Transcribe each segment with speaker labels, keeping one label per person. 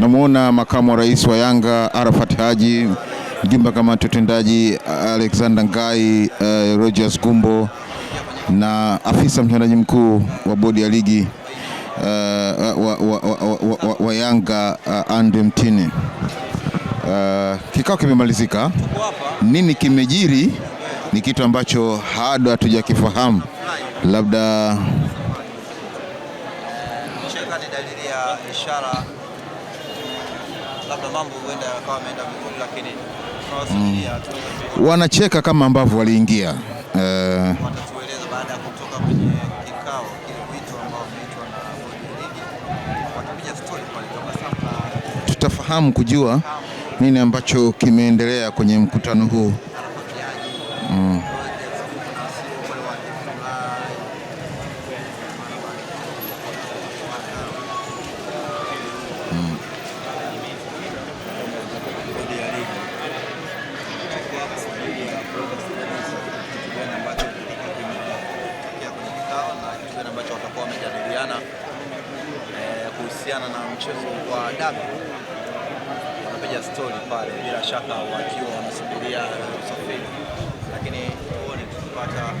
Speaker 1: Namwona makamu wa rais wa Yanga Arafat Haji, mjumbe wa kamati utendaji Alexander Ngai, uh, Rogers Gumbo na afisa mtendaji mkuu wa bodi ya ligi uh, wa, wa, wa, wa, wa, wa Yanga uh, eh, Andre Mtini. Uh, kikao kimemalizika. Nini kimejiri ni kitu ambacho bado hatujakifahamu, labda labda mambo huenda yakawa yameenda vizuri, lakini tunawasubiria mm. Wanacheka kama ambavyo waliingia eh, watatueleza baada ya kutoka kwenye kikao kile wito ambao umeitwa na bodi ya ligi, watapiga story kwa kama sasa, tutafahamu kujua nini ambacho kimeendelea kwenye mkutano huu mm. wamejadiliana eh, kuhusiana na mchezo wa dabi, wanapiga stori pale, bila shaka wakiwa wanasubiria usafiri, lakini tuone tukipata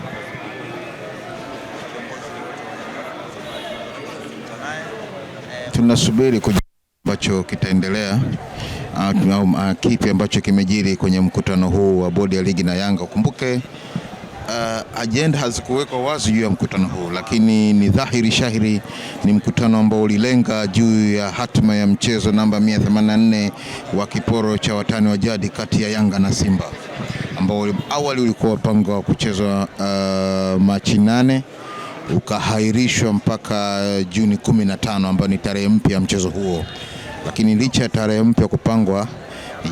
Speaker 1: tunasubiri kujua ambacho kitaendelea au kipi ambacho kimejiri kwenye mkutano huu wa bodi ya ligi na Yanga. Ukumbuke uh, ajenda hazikuwekwa wazi juu ya mkutano huu, lakini ni dhahiri shahiri ni mkutano ambao ulilenga juu ya hatima ya mchezo namba 184 wa kiporo cha watani wa jadi kati ya Yanga na Simba ambao awali ulikuwa mpango wa kuchezwa uh, Machi nane ukahairishwa mpaka Juni 15 ambayo ni tarehe mpya ya mchezo huo, lakini licha ya tarehe mpya kupangwa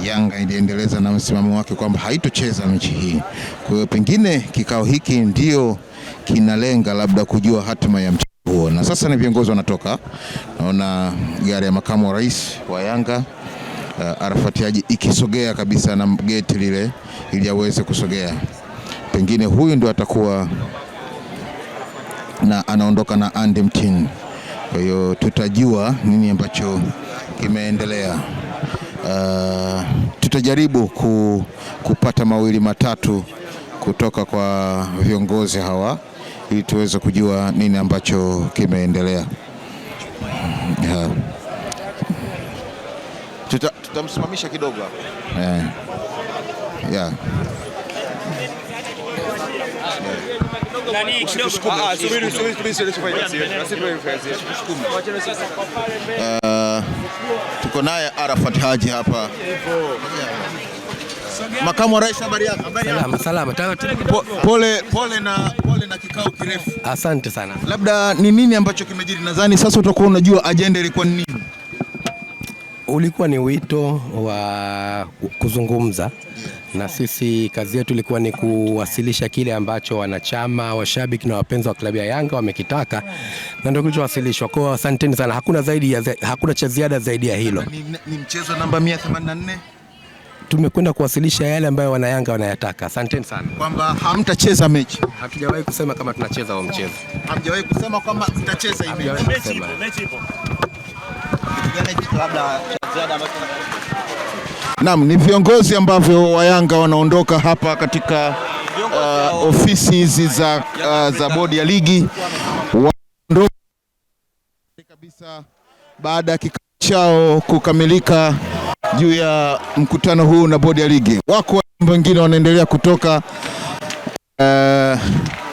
Speaker 1: Yanga iliendeleza na msimamo wake kwamba haitocheza mechi hii. Kwa hiyo pengine kikao hiki ndio kinalenga labda kujua hatima ya mchezo huo, na sasa ni viongozi wanatoka. Naona gari ya makamu wa rais wa Yanga uh, Arafat Haji ikisogea kabisa na geti lile ili aweze kusogea. Pengine huyu ndio atakuwa na anaondoka na Andy mtin Kwa hiyo tutajua nini ambacho kimeendelea. Uh, tutajaribu ku, kupata mawili matatu kutoka kwa viongozi hawa ili tuweze kujua nini ambacho kimeendelea. Yeah. Uh, tuta, tutamsimamisha kidogo hapo. Eh. Yeah. Yeah. Ah, uh, tuko naye Arafat Haji hapa. Makamu wa Rais, habari yako?
Speaker 2: Salama salama.
Speaker 1: Pole pole na pole na kikao kirefu.
Speaker 2: Asante sana.
Speaker 1: Labda ni nini ambacho kimejiri? Nadhani sasa utakuwa unajua ajenda ilikuwa ni nini
Speaker 2: ulikuwa ni wito wa kuzungumza na sisi. Kazi yetu ilikuwa ni kuwasilisha kile ambacho wanachama, washabiki na wapenzi wa klabu ya Yanga wamekitaka, na ndio kilichowasilishwa. Kwa hiyo asanteni sana, hakuna zaidi ya, hakuna cha ziada zaidi ya hilo. Ni,
Speaker 1: ni mchezo namba 184
Speaker 2: tumekwenda kuwasilisha yale ambayo wanayanga wanayataka. Asanteni sana.
Speaker 1: Kwamba hamtacheza mechi,
Speaker 2: hatujawahi kusema kama tunacheza huo mchezo,
Speaker 1: hamjawahi kusema kwamba mtacheza hii mechi. Mechi ipo, mechi ipo. Naam, ni viongozi ambavyo wayanga wanaondoka hapa katika uh, ofisi hizi za, uh, za bodi ya ligi wanaondoka kabisa baada ya kikao chao kukamilika juu ya mkutano huu na bodi ya ligi. Wako wengine wanaendelea kutoka uh,